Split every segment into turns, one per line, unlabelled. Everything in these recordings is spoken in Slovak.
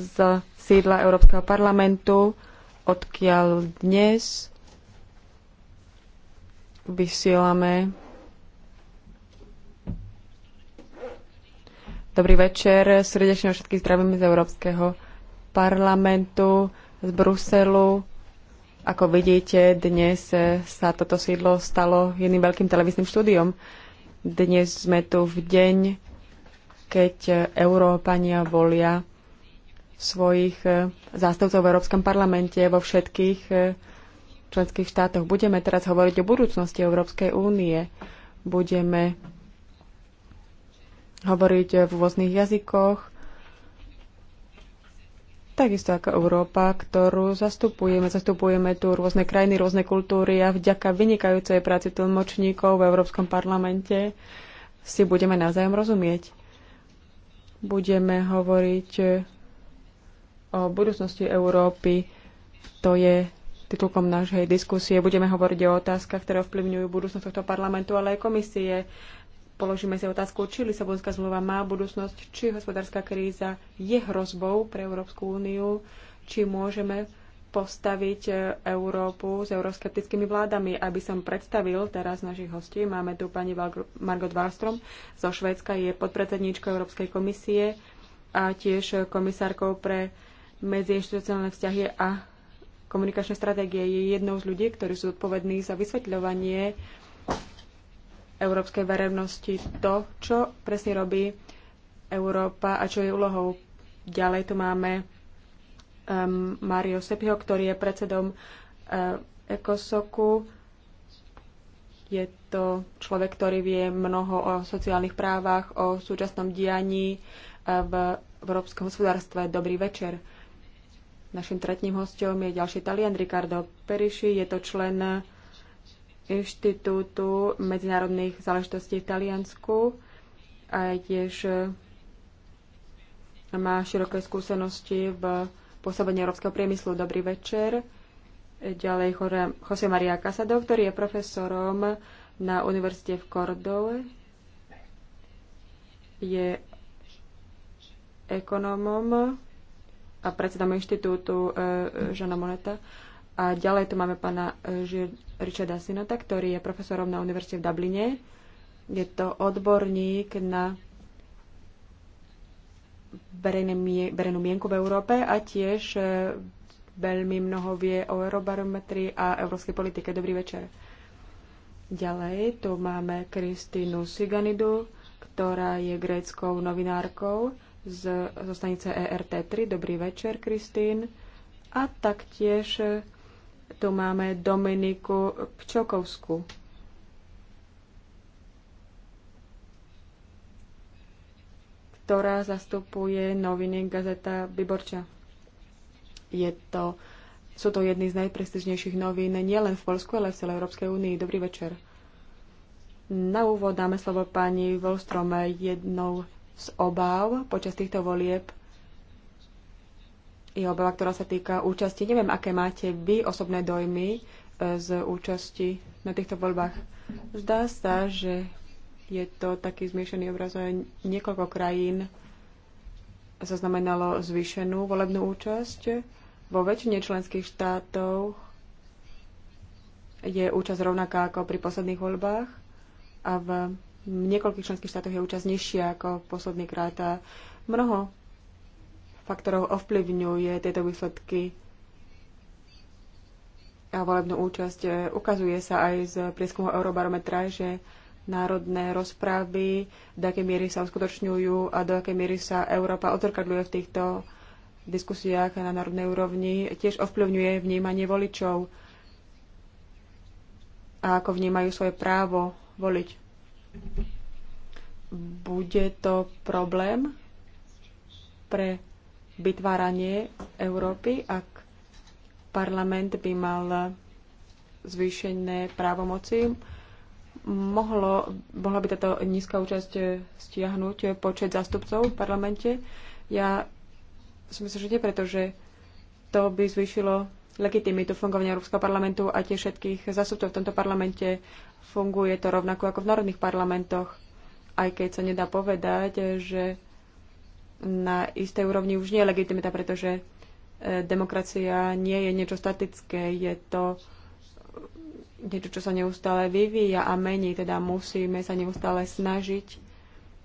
z sídla Európskeho parlamentu, odkiaľ dnes vysielame. Dobrý večer, srdečne všetky zdravím z Európskeho parlamentu, z Bruselu. Ako vidíte, dnes sa toto sídlo stalo jedným veľkým televíznym štúdiom. Dnes sme tu v deň, keď Európania volia svojich e, zástavcov v Európskom parlamente vo všetkých e, členských štátoch. Budeme teraz hovoriť o budúcnosti Európskej únie. Budeme hovoriť v rôznych jazykoch, takisto ako Európa, ktorú zastupujeme. Zastupujeme tu rôzne krajiny, rôzne kultúry a vďaka vynikajúcej práci tlmočníkov v Európskom parlamente si budeme navzájom rozumieť. Budeme hovoriť o budúcnosti Európy. To je titulkom našej diskusie. Budeme hovoriť o otázkach, ktoré ovplyvňujú budúcnosť tohto parlamentu, ale aj komisie. Položíme si otázku, či Lisabonská zmluva má budúcnosť, či hospodárska kríza je hrozbou pre Európsku úniu, či môžeme postaviť e, Európu s euroskeptickými vládami. Aby som predstavil teraz našich hostí, máme tu pani Margot Wallström zo Švédska, je podpredsedníčkou Európskej komisie a tiež komisárkou pre medziinstitucionálne vzťahy a komunikačné stratégie je jednou z ľudí, ktorí sú zodpovední za vysvetľovanie európskej verejnosti to, čo presne robí Európa a čo je úlohou. Ďalej tu máme um, Mario Sepio, ktorý je predsedom uh, ECOSOKu. Je to človek, ktorý vie mnoho o sociálnych právach, o súčasnom dianí uh, v európskom hospodárstve. Dobrý večer. Našim tretím hostom je ďalší Talian Ricardo Periši, je to člen Inštitútu medzinárodných záležitostí v Taliansku a tiež e, má široké skúsenosti v pôsobení európskeho priemyslu. Dobrý večer. Ďalej Jose Maria Casado, ktorý je profesorom na univerzite v Kordove. Je ekonomom a predsedom inštitútu e, e, Žana Moneta. A ďalej tu máme pána e, Richarda Sinota, ktorý je profesorom na univerzite v Dubline. Je to odborník na verejnú mienku v Európe a tiež veľmi mnoho vie o Eurobarometrii a európskej politike. Dobrý večer. Ďalej tu máme Kristínu Siganidu, ktorá je gréckou novinárkou z, zo stanice ERT3. Dobrý večer, Kristín. A taktiež e, tu máme Dominiku Kčokovsku. ktorá zastupuje noviny Gazeta Biborča. Je to, sú to jedny z najprestižnejších novín nielen v Polsku, ale v celej Európskej únii. Dobrý večer. Na úvod dáme slovo pani Volstrom jednou z obáv počas týchto volieb je obava, ktorá sa týka účasti. Neviem, aké máte vy osobné dojmy e, z účasti na týchto voľbách. Zdá sa, že je to taký zmiešaný obraz. Niekoľko krajín zaznamenalo zvýšenú volebnú účasť. Vo väčšine členských štátov je účasť rovnaká ako pri posledných voľbách a v v niekoľkých členských štátoch je účasť nižšia ako posledný krát a mnoho faktorov ovplyvňuje tieto výsledky a volebnú účasť. E, ukazuje sa aj z prieskumu Eurobarometra, že národné rozprávy, do akej miery sa uskutočňujú a do akej miery sa Európa odzrkadľuje v týchto diskusiách na národnej úrovni, tiež ovplyvňuje vnímanie voličov a ako vnímajú svoje právo voliť. Bude to problém pre vytváranie Európy, ak parlament by mal zvýšené právomoci. Mohlo, mohla by táto nízka účasť stiahnuť počet zastupcov v parlamente? Ja si myslím, že nie, pretože to by zvýšilo legitimitu fungovania Európskeho parlamentu a tie všetkých zasudcov v tomto parlamente. Funguje to rovnako ako v národných parlamentoch, aj keď sa nedá povedať, že na istej úrovni už nie je legitimita, pretože e, demokracia nie je niečo statické, je to niečo, čo sa neustále vyvíja a mení, teda musíme sa neustále snažiť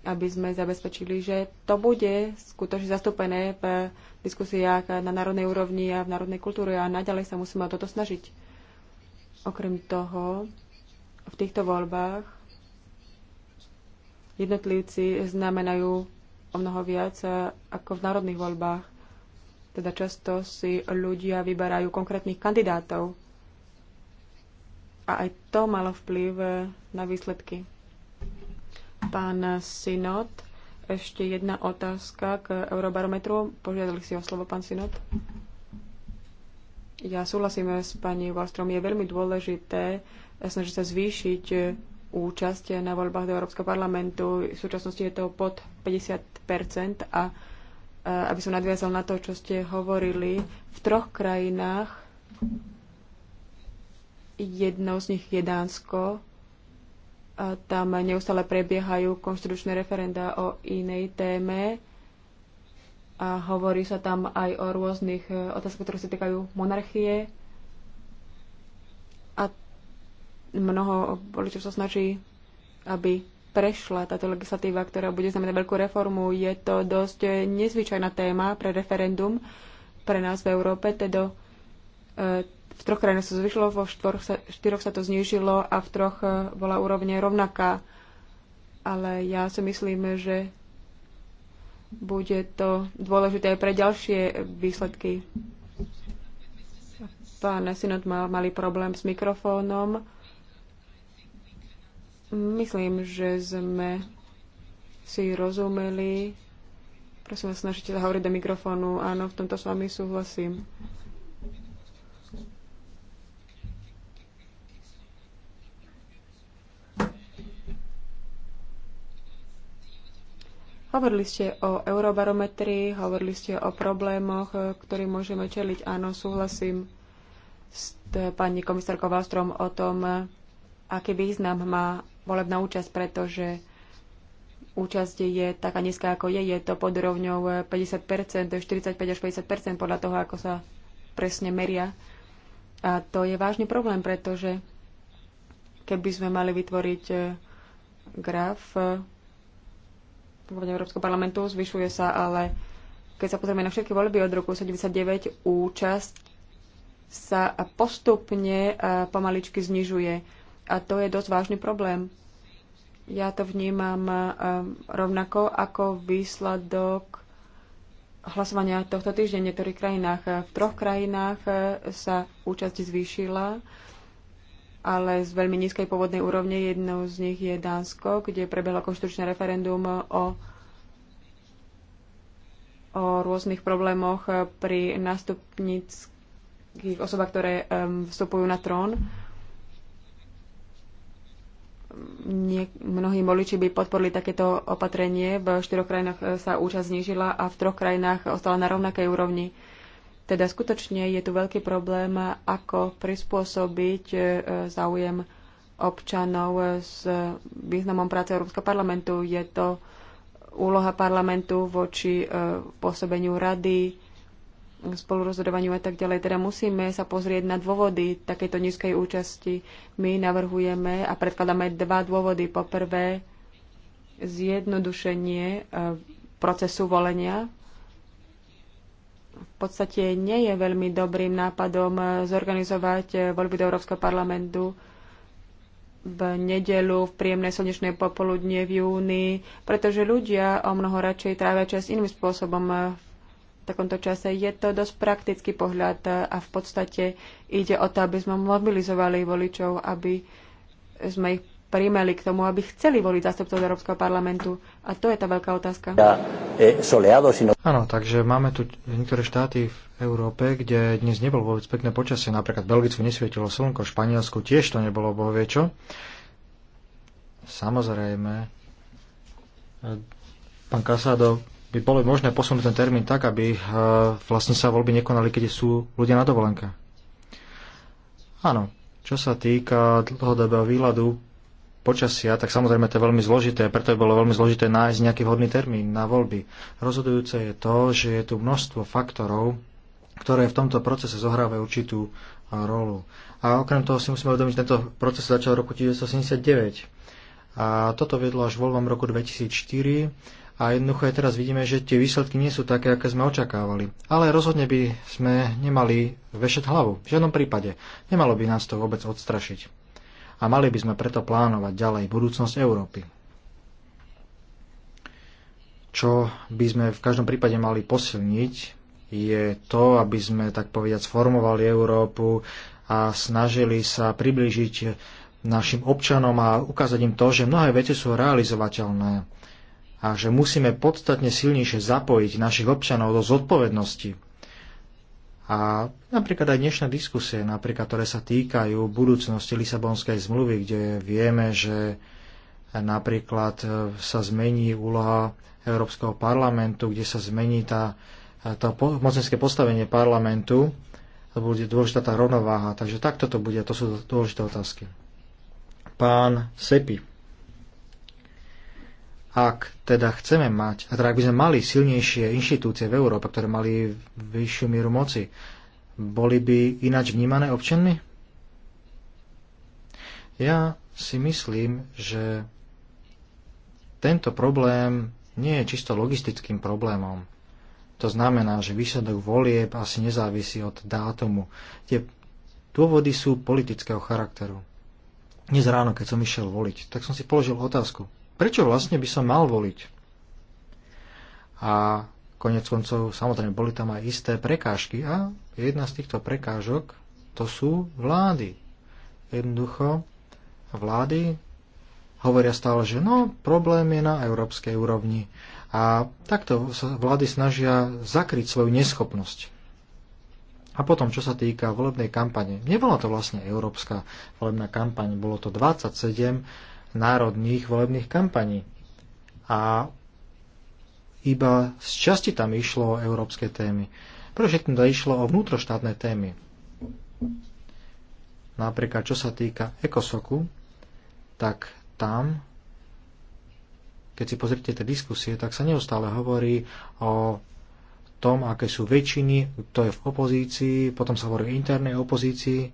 aby sme zabezpečili, že to bude skutočne zastúpené v diskusiách na národnej úrovni a v národnej kultúre a naďalej sa musíme o toto snažiť. Okrem toho, v týchto voľbách jednotlivci znamenajú o mnoho viac eh, ako v národných voľbách. Teda často si ľudia vyberajú konkrétnych kandidátov. A aj to malo vplyv eh, na výsledky. Pán Synod, ešte jedna otázka k Eurobarometru. Požiadali si o slovo, pán Synod. Ja súhlasím s pani Wallström. Je veľmi dôležité snaží sa zvýšiť účasť na voľbách do Európskeho parlamentu. V súčasnosti je to pod 50 a aby som nadviazal na to, čo ste hovorili, v troch krajinách, jednou z nich je Dánsko, tam neustále prebiehajú konštitučné referenda o inej téme a hovorí sa tam aj o rôznych e, otázkach, ktoré sa týkajú monarchie. A mnoho voličov sa snaží, aby prešla táto legislatíva, ktorá bude znamenáť veľkú reformu. Je to dosť nezvyčajná téma pre referendum pre nás v Európe, teda e, v troch krajinách sa zvyšilo, vo štvoroch sa, štyroch sa to znížilo a v troch e, bola úrovne rovnaká. Ale ja si myslím, že bude to dôležité aj pre ďalšie výsledky. Pán Sinot mal malý problém s mikrofónom. Myslím, že sme si rozumeli. Prosím vás, snažite sa hovoriť do mikrofónu. Áno, v tomto s vami súhlasím. Hovorili ste o eurobarometrii, hovorili ste o problémoch, e, ktorým môžeme čeliť. Áno, súhlasím s pani komisárkou Valstrom o tom, e, aký význam má volebná účasť, pretože účasť je taká nízka, ako je. Je to pod rovňou 50%, 45 až 50% podľa toho, ako sa presne meria. A to je vážny problém, pretože keby sme mali vytvoriť e, graf voľne Európskeho parlamentu, zvyšuje sa, ale keď sa pozrieme na všetky voľby od roku 79, účasť sa postupne pomaličky znižuje. A to je dosť vážny problém. Ja to vnímam rovnako ako výsledok hlasovania tohto týždňa v niektorých krajinách. V troch krajinách sa účasť zvýšila ale z veľmi nízkej pôvodnej úrovne. Jednou z nich je Dánsko, kde prebehlo konštručné referendum o, o rôznych problémoch pri nástupníckých osobách, ktoré um, vstupujú na trón. Nie, mnohí voliči by podporili takéto opatrenie. V štyroch krajinách eh, sa účasť znížila a v troch krajinách ostala na rovnakej úrovni. Teda skutočne je tu veľký problém, ako prispôsobiť e, záujem občanov s e, významom práce Európskeho parlamentu. Je to úloha parlamentu voči e, pôsobeniu rady, spolurozhodovaniu a tak ďalej. Teda musíme sa pozrieť na dôvody takéto nízkej účasti. My navrhujeme a predkladáme dva dôvody. Po prvé, zjednodušenie procesu volenia v podstate nie je veľmi dobrým nápadom eh, zorganizovať eh, voľby do Európskeho parlamentu v nedelu, v príjemné slnečné popoludne v júni, pretože ľudia o mnoho radšej trávia čas iným spôsobom eh, v takomto čase. Je to dosť praktický pohľad a v podstate ide o to, aby sme mobilizovali voličov, aby sme ich primeli k tomu, aby chceli voliť zástupcov do Európskeho parlamentu. A to je tá veľká otázka.
E, no- Áno, takže máme tu niektoré štáty v Európe, kde dnes nebolo vôbec pekné počasie. Napríklad Belgicku nesvietilo slnko, Španielsku tiež to nebolo bohvie čo. Samozrejme, e, pán Kasado, by bolo možné posunúť ten termín tak, aby e, vlastne sa voľby nekonali, keď sú ľudia na dovolenke. Áno, čo sa týka dlhodobého výhľadu, počasia, tak samozrejme to je veľmi zložité, preto je bolo veľmi zložité nájsť nejaký vhodný termín na voľby. Rozhodujúce je to, že je tu množstvo faktorov, ktoré v tomto procese zohrávajú určitú rolu. A okrem toho si musíme uvedomiť, že tento proces začal v roku 1979. A toto viedlo až voľbám roku 2004 a jednoducho aj teraz vidíme, že tie výsledky nie sú také, aké sme očakávali. Ale rozhodne by sme nemali vešať hlavu. V žiadnom prípade. Nemalo by nás to vôbec odstrašiť a mali by sme preto plánovať ďalej budúcnosť Európy. Čo by sme v každom prípade mali posilniť, je to, aby sme tak povedať sformovali Európu a snažili sa priblížiť našim občanom a ukázať im to, že mnohé veci sú realizovateľné a že musíme podstatne silnejšie zapojiť našich občanov do zodpovednosti. A napríklad aj dnešné diskusie, napríklad, ktoré sa týkajú budúcnosti Lisabonskej zmluvy, kde vieme, že napríklad sa zmení úloha Európskeho parlamentu, kde sa zmení tá, tá mocenské postavenie parlamentu, to bude dôležitá tá rovnováha. Takže takto to bude, to sú dôležité otázky. Pán Sepi ak teda chceme mať, a teda ak by sme mali silnejšie inštitúcie v Európe, ktoré mali vyššiu mieru moci, boli by ináč vnímané občanmi? Ja si myslím, že tento problém nie je čisto logistickým problémom. To znamená, že výsledok volieb asi nezávisí od dátumu. Tie dôvody sú politického charakteru. Dnes ráno, keď som išiel voliť, tak som si položil otázku, prečo vlastne by som mal voliť? A konec koncov, samozrejme, boli tam aj isté prekážky a jedna z týchto prekážok to sú vlády. Jednoducho, vlády hovoria stále, že no, problém je na európskej úrovni. A takto sa vlády snažia zakryť svoju neschopnosť. A potom, čo sa týka volebnej kampane, nebola to vlastne európska volebná kampaň, bolo to 27 národných volebných kampaní. A iba z časti tam išlo o európske témy. Pre všetkým to išlo o vnútroštátne témy. Napríklad, čo sa týka ekosoku, tak tam, keď si pozrite tie diskusie, tak sa neustále hovorí o tom, aké sú väčšiny, kto je v opozícii, potom sa hovorí o internej opozícii,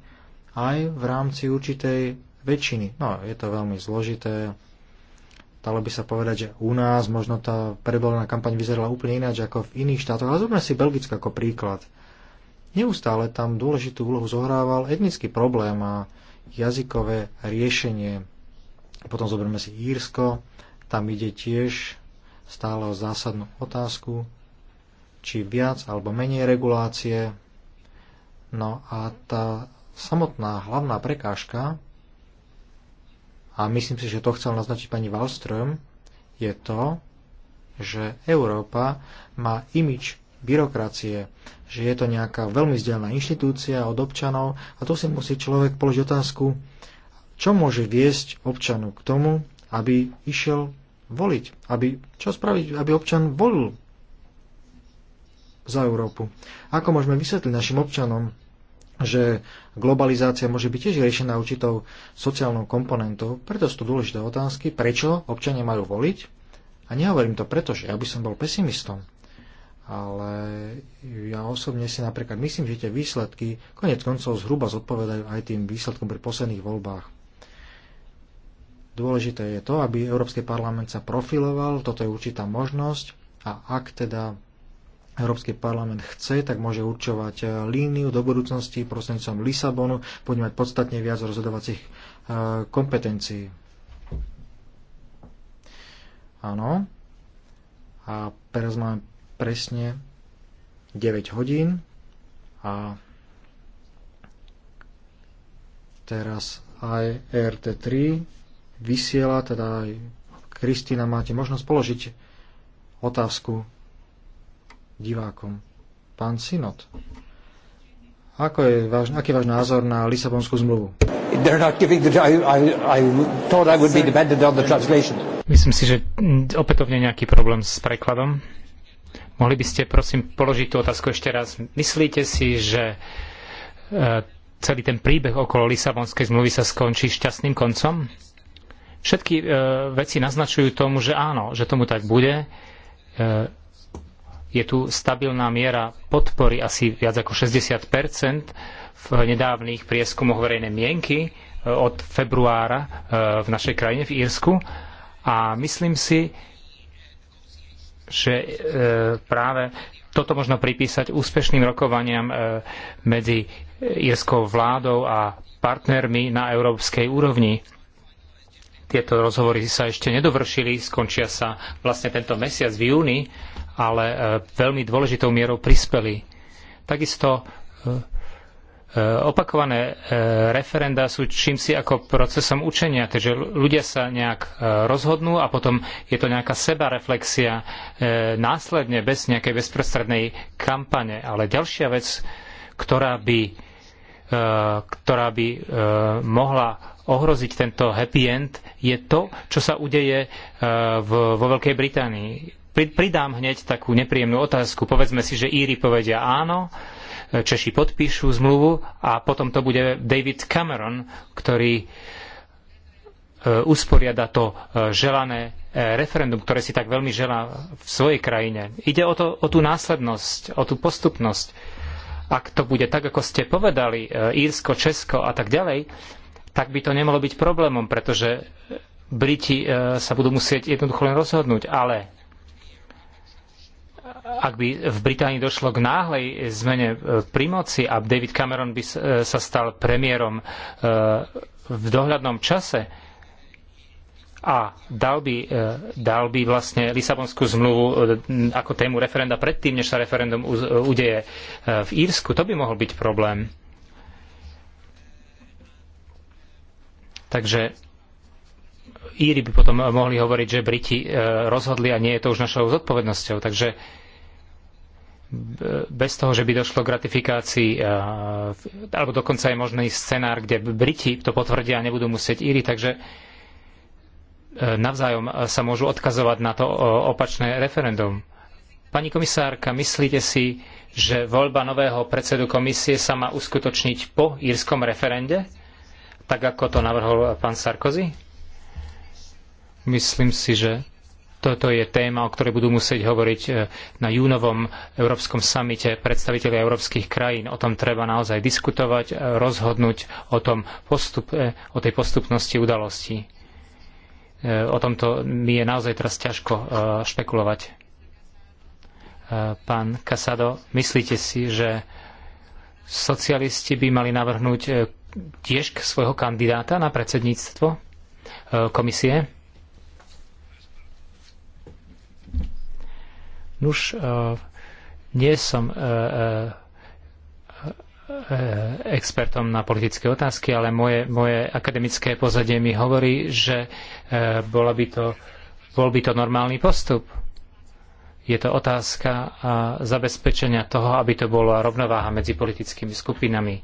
aj v rámci určitej väčšiny. No, je to veľmi zložité. Dalo by sa povedať, že u nás možno tá predvolená kampaň vyzerala úplne ináč ako v iných štátoch, ale zoberme si Belgicko ako príklad. Neustále tam dôležitú úlohu zohrával etnický problém a jazykové riešenie. Potom zoberme si Írsko, tam ide tiež stále o zásadnú otázku, či viac alebo menej regulácie. No a tá samotná hlavná prekážka a myslím si, že to chcel naznačiť pani Wallström, je to, že Európa má imič byrokracie, že je to nejaká veľmi vzdialená inštitúcia od občanov a tu si musí človek položiť otázku, čo môže viesť občanu k tomu, aby išiel voliť, aby, čo spraviť, aby občan volil za Európu. Ako môžeme vysvetliť našim občanom, že globalizácia môže byť tiež riešená určitou sociálnou komponentou. Preto sú to dôležité otázky, prečo občania majú voliť. A nehovorím to preto, že ja by som bol pesimistom. Ale ja osobne si napríklad myslím, že tie výsledky konec koncov zhruba zodpovedajú aj tým výsledkom pri posledných voľbách. Dôležité je to, aby Európsky parlament sa profiloval, toto je určitá možnosť a ak teda Európsky parlament chce, tak môže určovať e, líniu do budúcnosti prostredníctvom Lisabonu, bude mať podstatne viac rozhodovacích e, kompetencií. Áno. A teraz máme presne 9 hodín a teraz aj RT3 vysiela, teda aj Kristýna máte možnosť položiť otázku divákom. Pán Sinot, ako je váš, aký je váš názor na Lisabonskú zmluvu?
Myslím si, že opätovne nejaký problém s prekladom. Mohli by ste, prosím, položiť tú otázku ešte raz. Myslíte si, že e, celý ten príbeh okolo Lisabonskej zmluvy sa skončí šťastným koncom? Všetky e, veci naznačujú tomu, že áno, že tomu tak bude e, je tu stabilná miera podpory asi viac ako 60 v nedávnych prieskumoch verejnej mienky e, od februára e, v našej krajine, v Írsku. A myslím si, že e, práve toto možno pripísať úspešným rokovaniam medzi írskou vládou a partnermi na európskej úrovni tieto rozhovory sa ešte nedovršili, skončia sa vlastne tento mesiac v júni ale e, veľmi dôležitou mierou prispeli. Takisto e, e, opakované referenda sú čím si ako procesom učenia, takže ľudia sa nejak rozhodnú a potom je to nejaká sebareflexia následne bez nejakej bezprostrednej kampane. Ale ďalšia vec, ktorá by, ktorá by mohla ohroziť tento happy end, je to, čo sa udeje vo Veľkej Británii pridám hneď takú nepríjemnú otázku. Povedzme si, že Íri povedia áno, Češi podpíšu zmluvu a potom to bude David Cameron, ktorý e, usporiada to e, želané e, referendum, ktoré si tak veľmi želá v svojej krajine. Ide o, to, o tú následnosť, o tú postupnosť. Ak to bude tak, ako ste povedali, Írsko, Česko a tak ďalej, tak by to nemalo byť problémom, pretože Briti sa budú musieť jednoducho len rozhodnúť. Ale ak by v Británii došlo k náhlej zmene e, pri moci a David Cameron by e, sa stal premiérom e, v dohľadnom čase a dal by, dal by vlastne Lisabonskú zmluvu ako tému referenda predtým, než sa referendum udeje v Írsku, to by mohol byť problém. Takže Íri by potom mohli hovoriť, že Briti rozhodli a nie je to už našou zodpovednosťou. Takže bez toho, že by došlo k ratifikácii, eh, alebo dokonca je možný scenár, kde Briti to potvrdia a nebudú musieť Íri, takže eh, navzájom eh, sa môžu odkazovať na to opačné referendum. Pani komisárka, myslíte si, že voľba nového predsedu komisie sa má uskutočniť po írskom referende, tak ako to navrhol pán Sarkozy? Myslím si, že toto je téma, o ktorej budú musieť hovoriť e, na júnovom Európskom samite predstaviteľi európskych krajín. O tom treba naozaj diskutovať, e, rozhodnúť o, tom postupe, o tej postupnosti udalostí. E, o tomto mi je naozaj teraz ťažko špekulovať. Pán Casado, myslíte si, že socialisti by mali navrhnúť tiež svojho kandidáta na predsedníctvo komisie? Nuž, e, nie som e, e, expertom na politické otázky, ale moje, moje akademické pozadie mi hovorí, že bola by to, bol by to normálny postup. Je to otázka zabezpečenia toho, aby to bola rovnováha medzi politickými skupinami.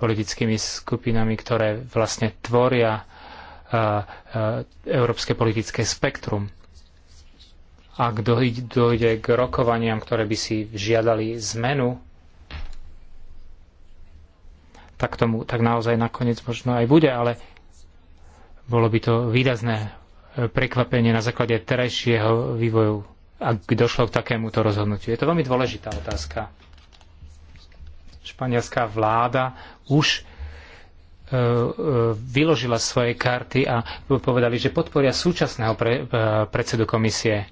Politickými skupinami, ktoré vlastne tvoria európske politické spektrum ak dojde k rokovaniam, ktoré by si žiadali zmenu, tak tomu tak naozaj nakoniec možno aj bude, ale bolo by to výrazné e, prekvapenie na základe terajšieho vývoju, ak by došlo k takémuto rozhodnutiu. Je to veľmi dôležitá otázka. Španielská vláda už e, e, vyložila svoje karty a povedali, že podporia súčasného pre, predsedu komisie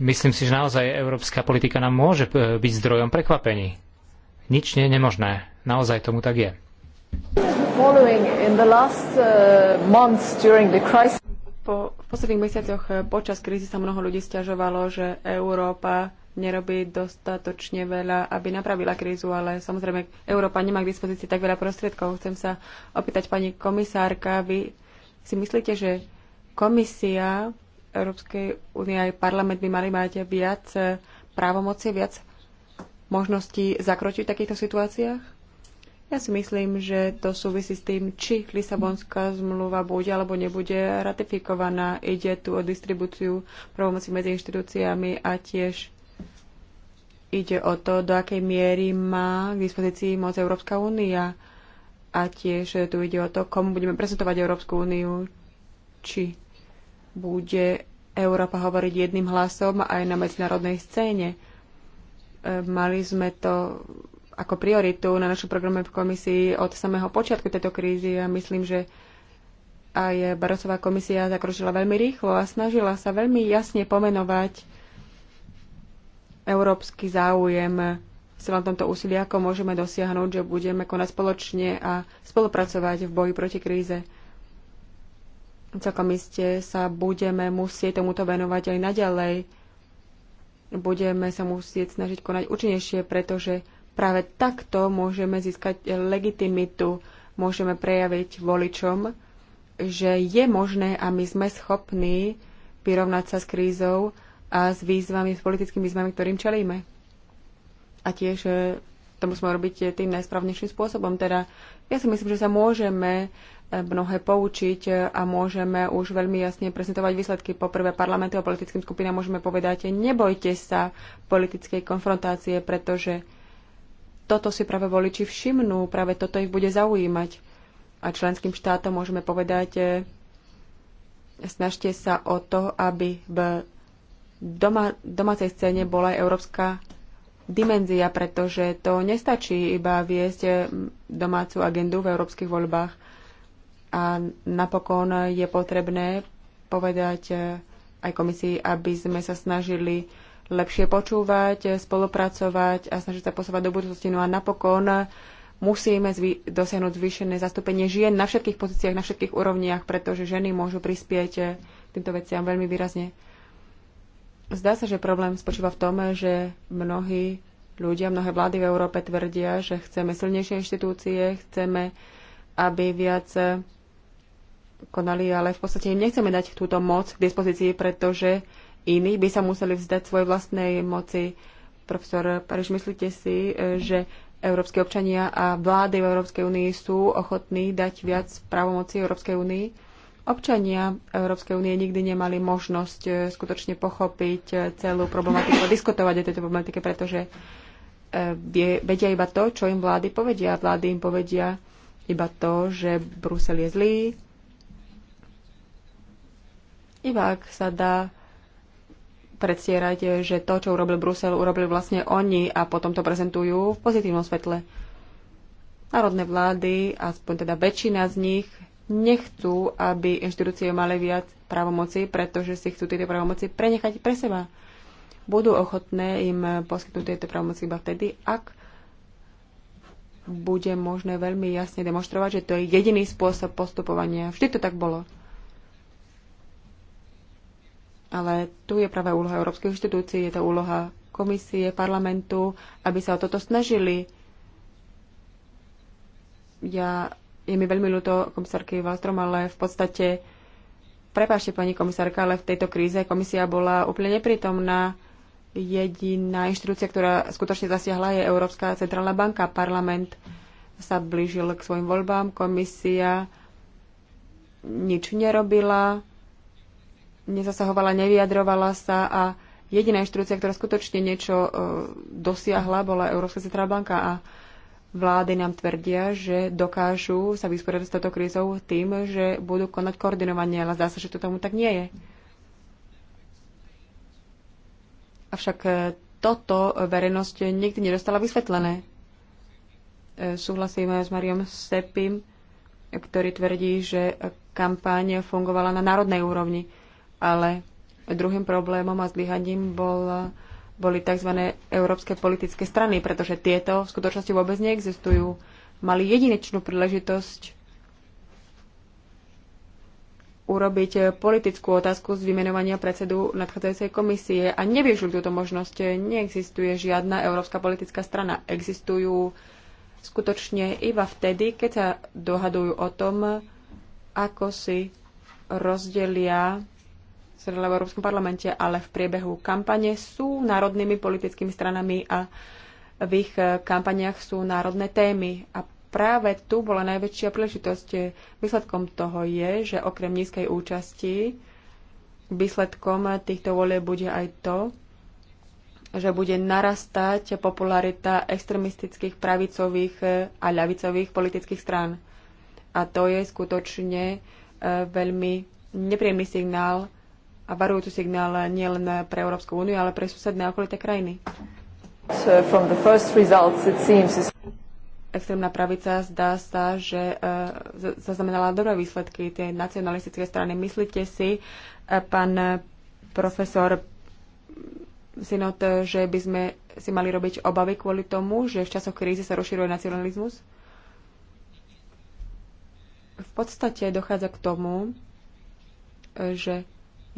Myslím si, že naozaj európska politika nám môže e, byť zdrojom prekvapení. Nič nie je nemožné. Naozaj tomu tak je.
E, po posledných mesiacoch e, počas krízy sa mnoho ľudí stiažovalo, že Európa nerobí dostatočne veľa, aby napravila krízu, ale samozrejme Európa nemá k dispozícii tak veľa prostriedkov. Chcem sa opýtať pani komisárka, vy si myslíte, že komisia Európskej únie aj parlament by mali mať viac právomoci, viac možností zakročiť v takýchto situáciách? Ja si myslím, že to súvisí s tým, či Lisabonská zmluva bude alebo nebude ratifikovaná. Ide tu o distribúciu právomocí medzi inštitúciami a tiež ide o to, do akej miery má k dispozícii moc Európska únia. A tiež tu ide o to, komu budeme prezentovať Európsku úniu, či bude Európa hovoriť jedným hlasom aj na medzinárodnej scéne. E, mali sme to ako prioritu na našom programe v komisii od samého počiatku tejto krízy a myslím, že aj Barosová komisia zakročila veľmi rýchlo a snažila sa veľmi jasne pomenovať európsky záujem v celom tomto úsilí, ako môžeme dosiahnuť, že budeme konať spoločne a spolupracovať v boji proti kríze. Celkom iste sa budeme musieť tomuto venovať aj naďalej. Budeme sa musieť snažiť konať účinnejšie, pretože práve takto môžeme získať legitimitu, môžeme prejaviť voličom, že je možné a my sme schopní vyrovnať sa s krízou a s výzvami, s politickými výzvami, ktorým čelíme. A tiež e, to musíme robiť e, tým najsprávnejším spôsobom. Teda ja si myslím, že sa môžeme mnohé poučiť a môžeme už veľmi jasne prezentovať výsledky. Po prvé parlamentu a politickým skupinám môžeme povedať, nebojte sa politickej konfrontácie, pretože toto si práve voliči všimnú, práve toto ich bude zaujímať. A členským štátom môžeme povedať, snažte sa o to, aby v doma, domácej scéne bola aj európska dimenzia, pretože to nestačí iba viesť domácu agendu v európskych voľbách a napokon je potrebné povedať eh, aj komisii, aby sme sa snažili lepšie počúvať, eh, spolupracovať a snažiť sa posúvať do budúcnosti. No a napokon eh, musíme zvý, dosiahnuť zvýšené zastúpenie žien na všetkých pozíciách, na všetkých úrovniach, pretože ženy môžu prispieť týmto veciam veľmi výrazne. Zdá sa, že problém spočíva v tom, že mnohí ľudia, mnohé vlády v Európe tvrdia, že chceme silnejšie inštitúcie, chceme, aby viac konali, ale v podstate im nechceme dať túto moc k dispozícii, pretože iní by sa museli vzdať svojej vlastnej moci. Profesor Paríž, myslíte si, e, že európske občania a vlády v Európskej únii sú ochotní dať viac právomoci Európskej únii? Občania Európskej únie nikdy nemali možnosť e, skutočne pochopiť e, celú problematiku a diskutovať o tejto problematike, pretože vedia iba to, čo im vlády povedia. Vlády im povedia iba to, že Brusel je zlý, iba ak sa dá predstierať, že to, čo urobil Brusel, urobili vlastne oni a potom to prezentujú v pozitívnom svetle. Národné vlády, aspoň teda väčšina z nich, nechcú, aby inštitúcie mali viac právomoci, pretože si chcú tieto právomoci prenechať pre seba. Budú ochotné im poskytnúť tieto právomoci iba vtedy, ak bude možné veľmi jasne demonstrovať, že to je jediný spôsob postupovania. Vždy to tak bolo. Ale tu je práve úloha európskych inštitúcií, je to úloha komisie, parlamentu, aby sa o toto snažili. Ja, je mi veľmi ľúto komisárky Valstrom, ale v podstate, prepášte pani komisárka, ale v tejto kríze komisia bola úplne neprítomná. Jediná inštitúcia, ktorá skutočne zasiahla, je Európska centrálna banka. Parlament sa blížil k svojim voľbám, komisia nič nerobila nezasahovala, nevyjadrovala sa a jediná inštitúcia, ktorá skutočne niečo e, dosiahla, bola Európska centrálna banka a vlády nám tvrdia, že dokážu sa vysporiadať s touto krízou tým, že budú konať koordinovanie, ale zdá sa, že to tomu tak nie je. Avšak e, toto verejnosť nikdy nedostala vysvetlené. E, Súhlasím s Mariom Sepim, ktorý tvrdí, že kampáň fungovala na národnej úrovni. Ale druhým problémom a zlyhaním bol, boli tzv. európske politické strany, pretože tieto v skutočnosti vôbec neexistujú. Mali jedinečnú príležitosť urobiť politickú otázku z vymenovania predsedu nadchádzajúcej komisie a nevyužili túto možnosť. Neexistuje žiadna európska politická strana. Existujú skutočne iba vtedy, keď sa dohadujú o tom, ako si rozdelia zrele v Európskom parlamente, ale v priebehu kampane sú národnými politickými stranami a v ich eh, kampaniach sú národné témy. A práve tu bola najväčšia príležitosť. Výsledkom toho je, že okrem nízkej účasti výsledkom týchto volie bude aj to, že bude narastať popularita extremistických pravicových eh, a ľavicových politických strán. A to je skutočne eh, veľmi nepríjemný signál a varujúci signál nielen pre Európsku úniu, ale pre susedné okolité krajiny. So Extrémna pravica zdá sa, že uh, zaznamenala dobré výsledky tie nacionalistické strany. Myslíte si, uh, pán profesor Sinot, že by sme si mali robiť obavy kvôli tomu, že v časoch krízy sa rozširuje nacionalizmus? V podstate dochádza k tomu, e, že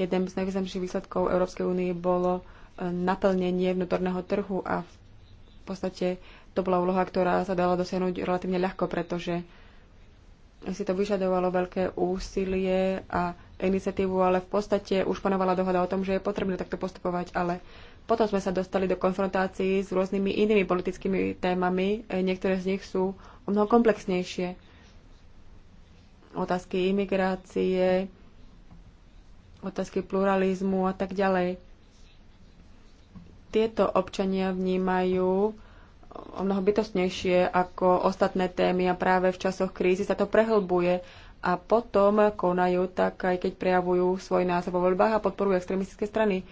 Jeden z najvýznamnejších výsledkov Európskej únie bolo e, naplnenie vnútorného trhu a v podstate to bola úloha, ktorá sa dala dosiahnuť relatívne ľahko, pretože si to vyžadovalo veľké úsilie a iniciatívu, ale v podstate už panovala dohoda o tom, že je potrebné takto postupovať, ale potom sme sa dostali do konfrontácií s rôznymi inými politickými témami. E, niektoré z nich sú o mnoho komplexnejšie. Otázky imigrácie, otázky pluralizmu a tak ďalej. Tieto občania vnímajú o mnoho bytostnejšie ako ostatné témy a práve v časoch krízy sa to prehlbuje a potom konajú tak, aj keď prejavujú svoj názor vo voľbách a podporujú extremistické strany.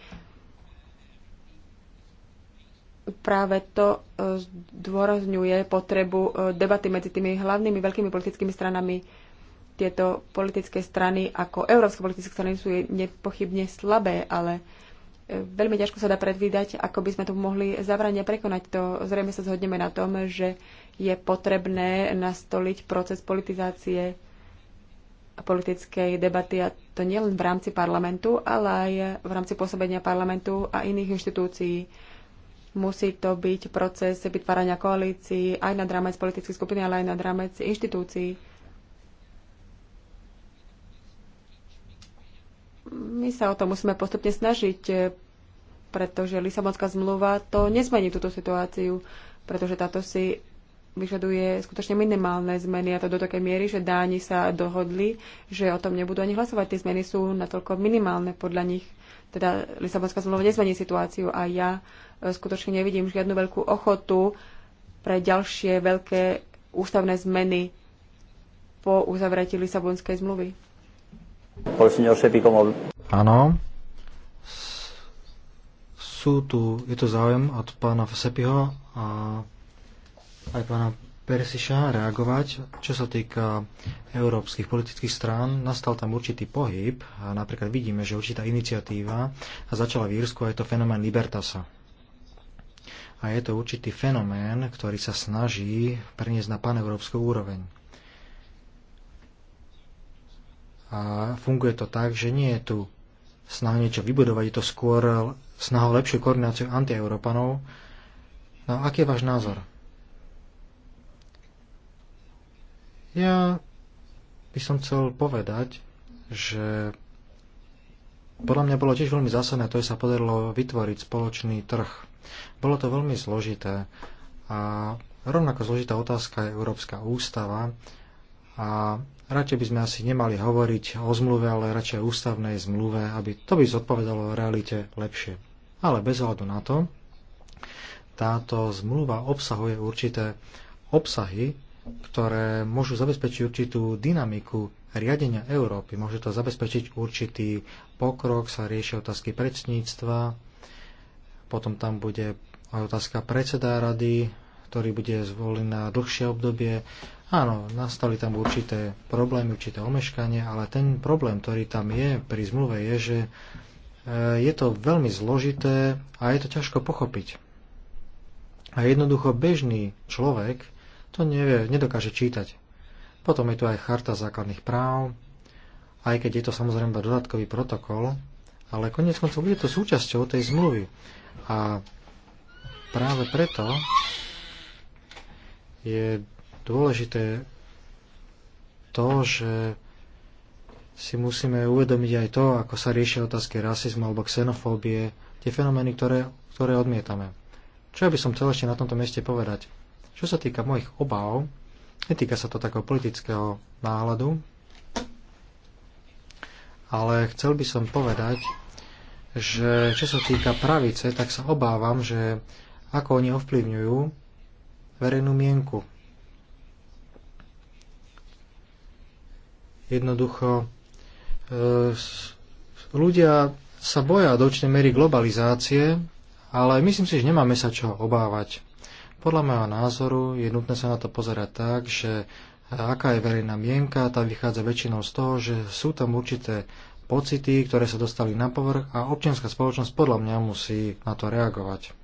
Práve to e, zdôrazňuje potrebu e, debaty medzi tými hlavnými veľkými politickými stranami tieto politické strany, ako európske politické strany, sú nepochybne slabé, ale e, veľmi ťažko sa dá predvídať, ako by sme to mohli zavranie prekonať. To zrejme sa zhodneme na tom, že je potrebné nastoliť proces politizácie politickej debaty a to nielen v rámci parlamentu, ale aj v rámci pôsobenia parlamentu a iných inštitúcií. Musí to byť proces vytvárania koalícií aj nad rámec politických skupiny, ale aj nad rámec inštitúcií my sa o to musíme postupne snažiť, e, pretože Lisabonská zmluva to nezmení túto situáciu, pretože táto si vyžaduje skutočne minimálne zmeny a to do takej miery, že Dáni sa dohodli, že o tom nebudú ani hlasovať. Tie zmeny sú natoľko minimálne podľa nich. Teda Lisabonská zmluva nezmení situáciu a ja e, skutočne nevidím žiadnu veľkú ochotu pre ďalšie veľké ústavné zmeny po uzavretí Lisabonskej zmluvy.
Áno. Sú tu, je tu záujem od pána Sepiho a aj pána Persiša reagovať, čo sa týka európskych politických strán. Nastal tam určitý pohyb, a napríklad vidíme, že určitá iniciatíva a začala v Írsku a je to fenomén Libertasa. A je to určitý fenomén, ktorý sa snaží preniesť na paneurópsku úroveň. a funguje to tak, že nie je tu snaha niečo vybudovať, je to skôr snaha o lepšiu koordináciu anti-Európanov. No aký je váš názor? Ja by som chcel povedať, že podľa mňa bolo tiež veľmi zásadné to, že sa podarilo vytvoriť spoločný trh. Bolo to veľmi zložité a rovnako zložitá otázka je Európska ústava, a radšej by sme asi nemali hovoriť o zmluve, ale radšej o ústavnej zmluve, aby to by zodpovedalo realite lepšie. Ale bez hľadu na to, táto zmluva obsahuje určité obsahy, ktoré môžu zabezpečiť určitú dynamiku riadenia Európy. Môže to zabezpečiť určitý pokrok, sa riešia otázky predsníctva, potom tam bude aj otázka predseda rady, ktorý bude zvolený na dlhšie obdobie, Áno, nastali tam určité problémy, určité omeškanie, ale ten problém, ktorý tam je pri zmluve, je, že e, je to veľmi zložité a je to ťažko pochopiť. A jednoducho bežný človek to nevie, nedokáže čítať. Potom je tu aj charta základných práv, aj keď je to samozrejme dodatkový protokol, ale konec koncov bude to súčasťou tej zmluvy. A práve preto je dôležité to, že si musíme uvedomiť aj to, ako sa riešia otázky rasizmu alebo xenofóbie, tie fenomény, ktoré, ktoré odmietame. Čo ja by som chcel ešte na tomto mieste povedať? Čo sa týka mojich obáv, netýka sa to takého politického náhľadu, ale chcel by som povedať, že čo sa týka pravice, tak sa obávam, že ako oni ovplyvňujú verejnú mienku. Jednoducho e, ľudia sa boja do určitej mery globalizácie, ale myslím si, že nemáme sa čo obávať. Podľa môjho názoru je nutné sa na to pozerať tak, že aká je verejná mienka, tá vychádza väčšinou z toho, že sú tam určité pocity, ktoré sa dostali na povrch a občianská spoločnosť podľa mňa musí na to reagovať.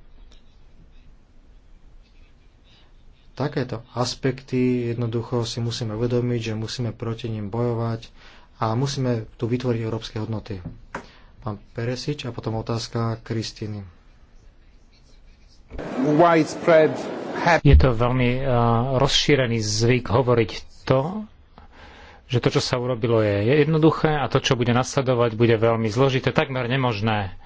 Takéto aspekty jednoducho si musíme uvedomiť, že musíme proti ním bojovať a musíme tu vytvoriť európske hodnoty. Pán Peresič a potom otázka Kristiny. Je to veľmi eh,
rozšírený zvyk hovoriť to, že to, čo sa urobilo, je jednoduché a to, čo bude nasledovať, bude veľmi zložité, takmer nemožné.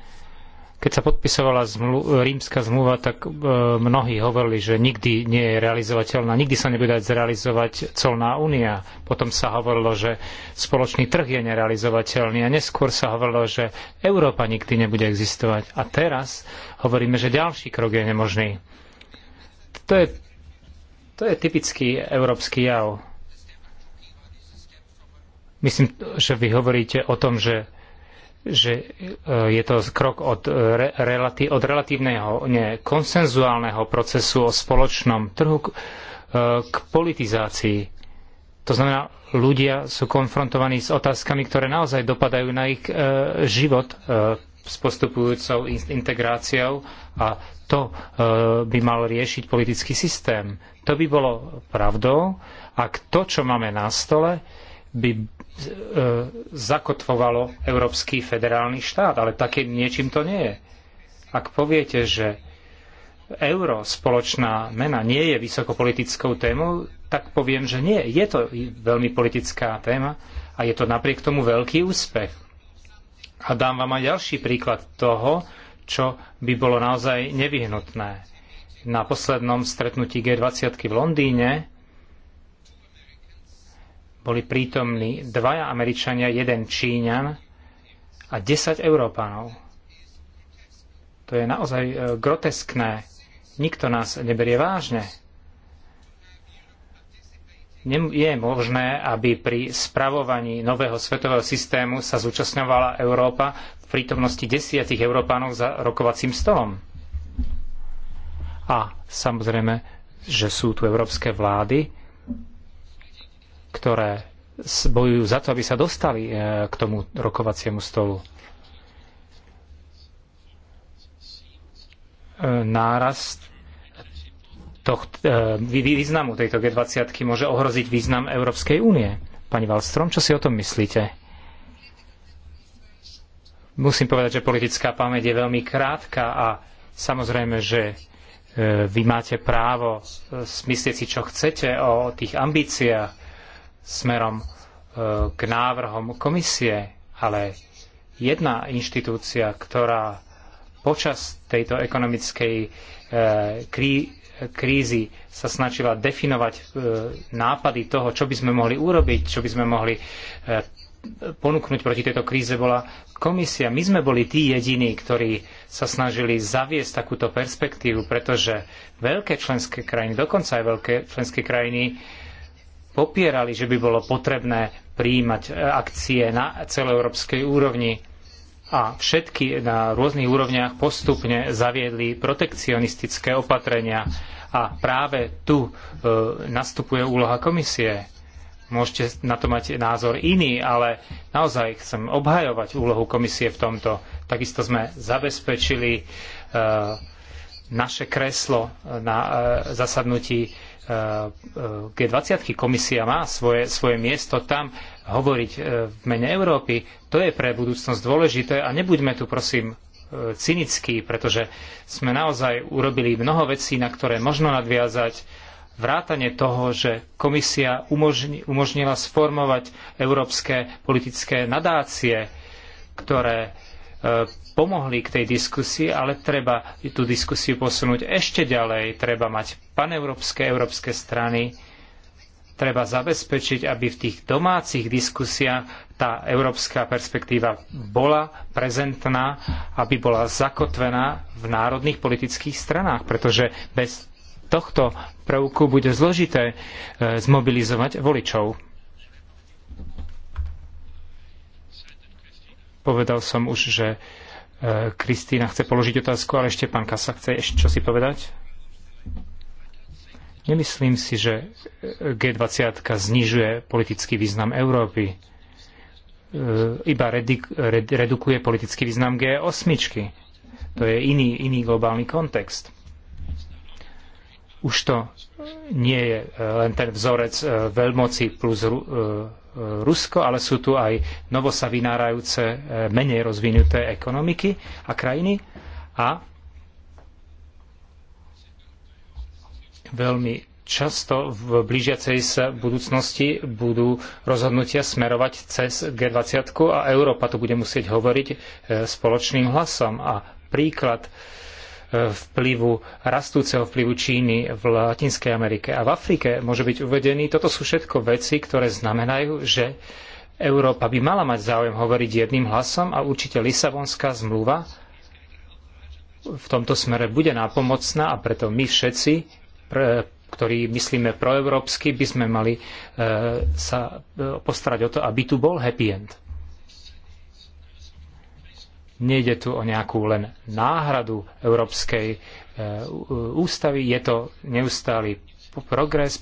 Keď sa podpisovala zmlu- rímska zmluva, tak e, mnohí hovorili, že nikdy nie je realizovateľná, nikdy sa nebude dať zrealizovať colná únia. Potom sa hovorilo, že spoločný trh je nerealizovateľný a neskôr sa hovorilo, že Európa nikdy nebude existovať. A teraz hovoríme, že ďalší krok je nemožný. To je, to je typický európsky jav. Myslím, že vy hovoríte o tom, že že e, je to krok od, e, od relatívneho nie, konsenzuálneho procesu o spoločnom trhu k, e, k politizácii. To znamená, ľudia sú konfrontovaní s otázkami, ktoré naozaj dopadajú na ich e, život e, s postupujúcou integráciou a to e, by mal riešiť politický systém. To by bolo pravdou, ak to, čo máme na stole, by E, zakotvovalo Európsky federálny štát, ale takým niečím to nie je. Ak poviete, že euro, spoločná mena, nie je vysokopolitickou témou, tak poviem, že nie. Je to veľmi politická téma a je to napriek tomu veľký úspech. A dám vám aj ďalší príklad toho, čo by bolo naozaj nevyhnutné. Na poslednom stretnutí G20 v Londýne boli prítomní dvaja Američania, jeden Číňan a 10 Európanov. To je naozaj e, groteskné. Nikto nás neberie vážne. Je možné, aby pri spravovaní nového svetového systému sa zúčastňovala Európa v prítomnosti desiatich Európanov za rokovacím stolom. A samozrejme, že sú tu európske vlády, ktoré bojujú za to, aby sa dostali e, k tomu rokovaciemu stolu. E, nárast toht, e, významu tejto G20 môže ohroziť význam Európskej únie. Pani Wallström, čo si o tom myslíte? Musím povedať, že politická pamäť je veľmi krátka a samozrejme, že vy máte právo smyslieť si, čo chcete o tých ambíciách, smerom e, k návrhom komisie, ale jedna inštitúcia, ktorá počas tejto ekonomickej e, krízy sa snažila definovať e, nápady toho, čo by sme mohli urobiť, čo by sme mohli ponúknuť proti tejto kríze, bola komisia. My sme boli tí jediní, ktorí sa snažili zaviesť takúto perspektívu, pretože veľké členské krajiny, dokonca aj veľké členské krajiny, popierali, že by bolo potrebné prijímať e, akcie na celoeurópskej úrovni a všetky na rôznych úrovniach postupne zaviedli protekcionistické opatrenia a práve tu e, nastupuje úloha komisie. Môžete na to mať názor iný, ale naozaj chcem obhajovať úlohu komisie v tomto. Takisto sme zabezpečili e, naše kreslo na e, zasadnutí G20 komisia má svoje, svoje miesto tam hovoriť e, v mene Európy, to je pre budúcnosť dôležité a nebuďme tu prosím e, cynickí, pretože sme naozaj urobili mnoho vecí, na ktoré možno nadviazať vrátane toho, že komisia umožni, umožnila sformovať európske politické nadácie, ktoré e, pomohli k tej diskusii, ale treba tú diskusiu posunúť ešte ďalej. Treba mať paneurópske európske strany, treba zabezpečiť, aby v tých domácich diskusiách tá európska perspektíva bola prezentná, aby bola zakotvená v národných politických stranách, pretože bez tohto prvku bude zložité e, zmobilizovať voličov. Povedal som už, že Kristýna chce položiť otázku, ale ešte pán Kasa chce ešte čo si povedať? Nemyslím si, že G20 znižuje politický význam Európy. E, iba redukuje politický význam G8. To je iný, iný globálny kontext. Už to nie je len ten vzorec e, veľmoci plus e, Rusko, ale sú tu aj novo sa vynárajúce, e, menej rozvinuté ekonomiky a krajiny a veľmi často v blížiacej sa budúcnosti budú rozhodnutia smerovať cez G20 a Európa tu bude musieť hovoriť e, spoločným hlasom. A príklad vplyvu, rastúceho vplyvu Číny v Latinskej Amerike a v Afrike môže byť uvedený. Toto sú všetko veci, ktoré znamenajú, že Európa by mala mať záujem hovoriť jedným hlasom a určite Lisabonská zmluva v tomto smere bude nápomocná a preto my všetci, pre, ktorí myslíme proeurópsky, by sme mali e, sa e, postarať o to, aby tu bol happy end. Nejde tu o nejakú len náhradu Európskej e, ústavy, je to neustály progres,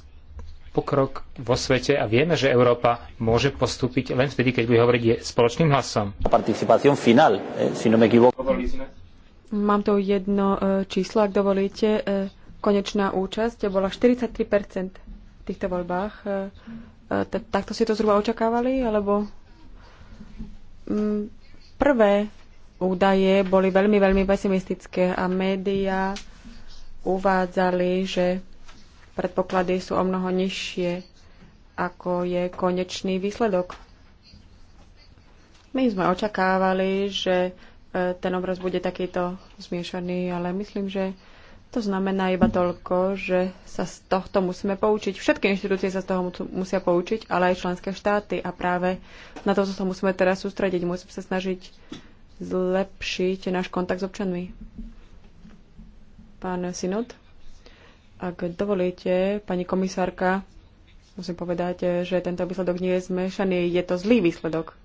pokrok vo svete a vieme, že Európa môže postúpiť len vtedy, keď bude hovoriť spoločným hlasom. Final, eh, si no
Mám tu jedno eh, číslo, ak dovolíte. Eh, konečná účasť bola 43% v týchto voľbách. Takto si to zhruba očakávali? Alebo mm, prvé údaje boli veľmi, veľmi pesimistické a médiá uvádzali, že predpoklady sú o mnoho nižšie, ako je konečný výsledok. My sme očakávali, že e, ten obraz bude takýto zmiešaný, ale myslím, že to znamená iba toľko, že sa z tohto musíme poučiť. Všetky inštitúcie sa z toho musia poučiť, ale aj členské štáty. A práve na to, sa musíme teraz sústrediť. Musíme sa snažiť zlepšiť náš kontakt s občanmi. Pán Synod, ak dovolíte, pani komisárka, musím povedať, že tento výsledok nie je zmešaný, je to zlý výsledok.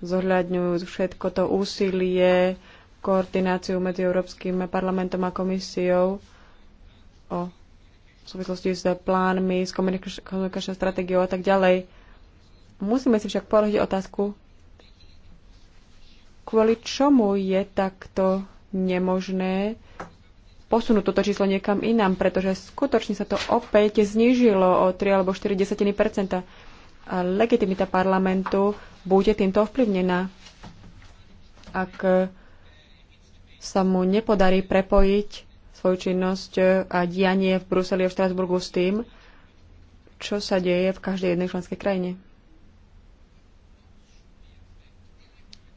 Zohľadňujú všetko to úsilie, koordináciu medzi Európskym parlamentom a komisiou o v súvislosti s plánmi, s komunikačnou stratégiou a tak ďalej. Musíme si však položiť otázku, kvôli čomu je takto nemožné posunúť toto číslo niekam inám, pretože skutočne sa to opäť znížilo o 3 alebo 4 desatiny percenta. A legitimita parlamentu bude týmto ovplyvnená. Ak sa mu nepodarí prepojiť svoju činnosť a dianie v Bruseli a v Štrasburgu s tým, čo sa deje v každej jednej členskej krajine.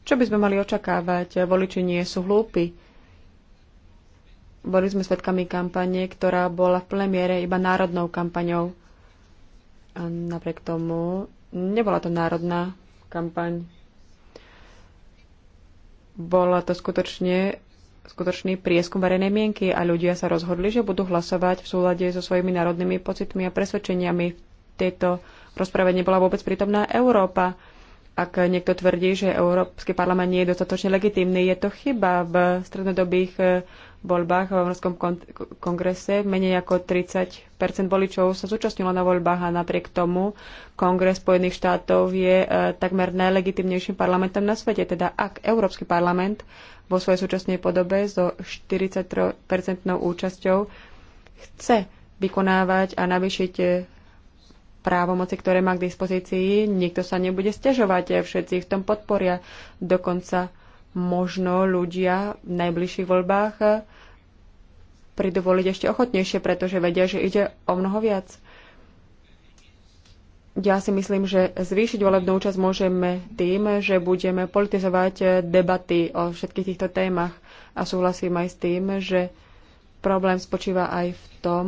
Čo by sme mali očakávať? Voliči nie sú hlúpi. Boli sme svedkami kampane, ktorá bola v plnej miere iba národnou kampaňou. A napriek tomu nebola to národná kampaň. Bola to skutočne skutočný prieskum verejnej mienky a ľudia sa rozhodli, že budú hlasovať v súlade so svojimi národnými pocitmi a presvedčeniami. V tejto rozprave nebola vôbec prítomná Európa ak niekto tvrdí, že Európsky parlament nie je dostatočne legitímny, je to chyba. V strednodobých eh, voľbách v Európskom kongrese menej ako 30 voličov sa zúčastnilo na voľbách a napriek tomu Kongres Spojených štátov je eh, takmer najlegitimnejším parlamentom na svete. Teda ak Európsky parlament vo svojej súčasnej podobe so 43-percentnou účasťou chce vykonávať a navýšiť eh, právomoci, ktoré má k dispozícii, nikto sa nebude stežovať, eh, všetci ich v tom podporia. Dokonca možno ľudia v najbližších voľbách eh, prídu voliť ešte ochotnejšie, pretože vedia, že ide o mnoho viac. Ja si myslím, že zvýšiť volebnú účasť môžeme tým, že budeme politizovať eh, debaty o všetkých týchto témach a súhlasím aj s tým, že problém spočíva aj v tom,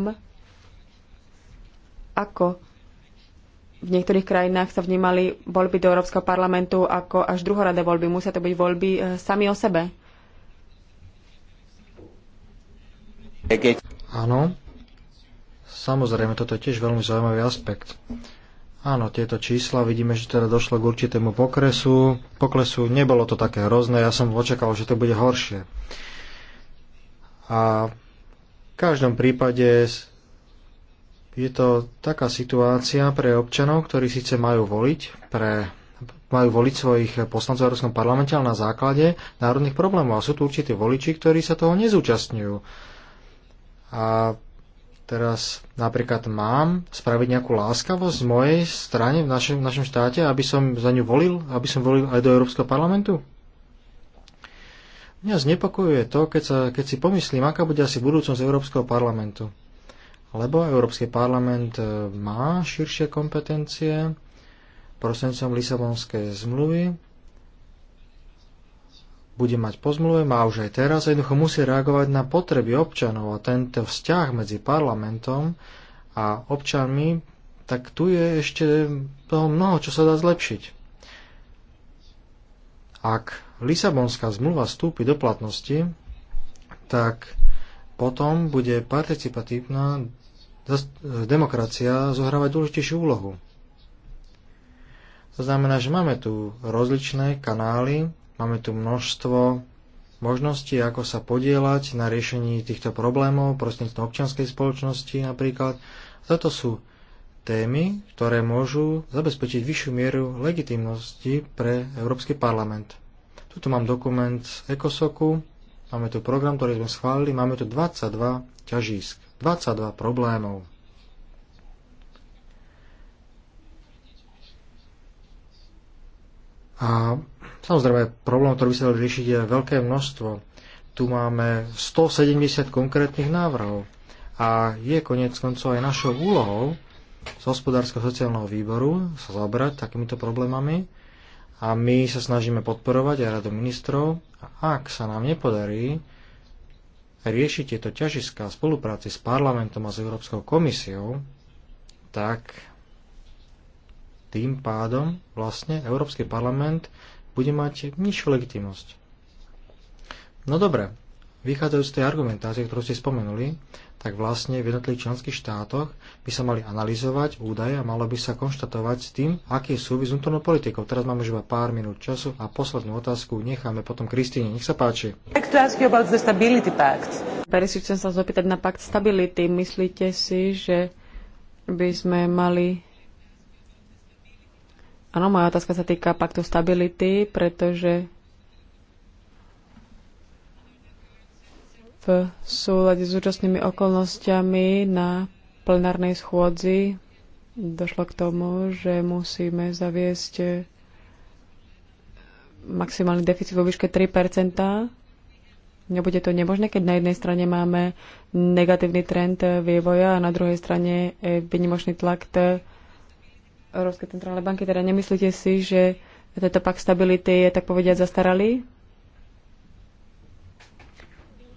ako v niektorých krajinách sa vnímali voľby do Európskeho parlamentu ako až druhoradé voľby. Musia to byť voľby e, sami o sebe.
Áno, samozrejme, toto je tiež veľmi zaujímavý aspekt. Áno, tieto čísla, vidíme, že teda došlo k určitému pokresu, poklesu, nebolo to také hrozné, ja som očakával, že to bude horšie. A v každom prípade je to taká situácia pre občanov, ktorí síce majú voliť, pre, majú voliť svojich poslancov v Európskom parlamente, ale na základe národných problémov. A sú tu určití voliči, ktorí sa toho nezúčastňujú. A teraz napríklad mám spraviť nejakú láskavosť z mojej strany v našom, v našom štáte, aby som za ňu volil, aby som volil aj do Európskeho parlamentu? Mňa znepokojuje to, keď, sa, keď si pomyslím, aká bude asi budúcnosť Európskeho parlamentu lebo Európsky parlament e, má širšie kompetencie prosencom Lisabonskej zmluvy, bude mať po zmluve, má už aj teraz, jednoducho musí reagovať na potreby občanov a tento vzťah medzi parlamentom a občanmi, tak tu je ešte toho mnoho, čo sa dá zlepšiť. Ak Lisabonská zmluva vstúpi do platnosti, tak potom bude participatívna demokracia zohráva dôležitejšiu úlohu. To znamená, že máme tu rozličné kanály, máme tu množstvo možností, ako sa podielať na riešení týchto problémov prostredníctvom občianskej spoločnosti napríklad. Toto sú témy, ktoré môžu zabezpečiť vyššiu mieru legitimnosti pre Európsky parlament. Tuto mám dokument z ECOSOKu, máme tu program, ktorý sme schválili, máme tu 22 ťažísk. 22 problémov. A samozrejme, problém, ktorý by sa dal riešiť, je veľké množstvo. Tu máme 170 konkrétnych návrhov. A je konec koncov aj našou úlohou z hospodárskeho sociálneho výboru sa zaoberať takýmito problémami a my sa snažíme podporovať aj radu ministrov a ak sa nám nepodarí rieši tieto ťažiská v spolupráci s parlamentom a s Európskou komisiou, tak tým pádom vlastne Európsky parlament bude mať nižšiu legitimnosť. No dobre, Vychádzajúc z tej argumentácie, ktorú ste spomenuli, tak vlastne v jednotlivých členských štátoch by sa mali analyzovať údaje a malo by sa konštatovať s tým, aký je súvis s vnútornou politikou. Teraz máme už iba pár minút času a poslednú otázku necháme potom Kristýne. Nech sa páči.
si chcem sa zopýtať na pakt stability. Myslíte si, že by sme mali Áno, moja otázka sa týka paktu stability, pretože v súlade s účastnými okolnostiami na plenárnej schôdzi došlo k tomu, že musíme zaviesť eh, maximálny deficit vo výške 3 Nebude to nemožné, keď na jednej strane máme negatívny trend vývoja a na druhej strane vynimočný tlak Európskej centrálnej banky. Teda nemyslíte si, že tento pak stability je tak povediať zastaralý?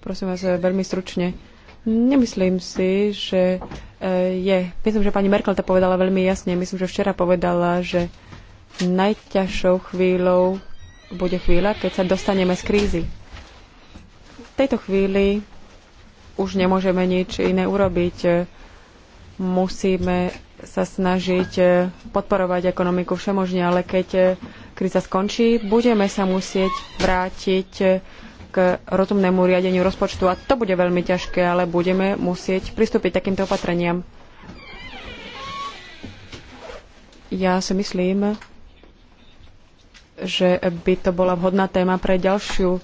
Prosím vás, veľmi stručne. Nemyslím si, že e, je. Myslím, že pani Merkel to povedala veľmi jasne. Myslím, že včera povedala, že najťažšou chvíľou bude chvíľa, keď sa dostaneme z krízy. V tejto chvíli už nemôžeme nič iné urobiť. Musíme sa snažiť e, podporovať ekonomiku všemožne, ale keď e, kríza skončí, budeme sa musieť vrátiť k rozumnému riadeniu rozpočtu a to bude veľmi ťažké, ale budeme musieť pristúpiť takýmto opatreniam. Ja si myslím, že by to bola vhodná téma pre ďalšiu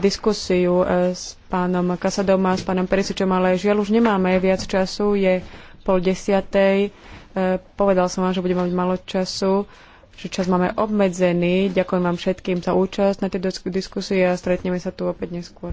diskusiu e, s pánom Kasadom a s pánom Perisičom, ale žiaľ už nemáme viac času, je pol desiatej. E, povedal som vám, že budeme mať malo času že čas máme obmedzený. Ďakujem vám všetkým za účasť na tej diskusii a stretneme sa tu opäť neskôr.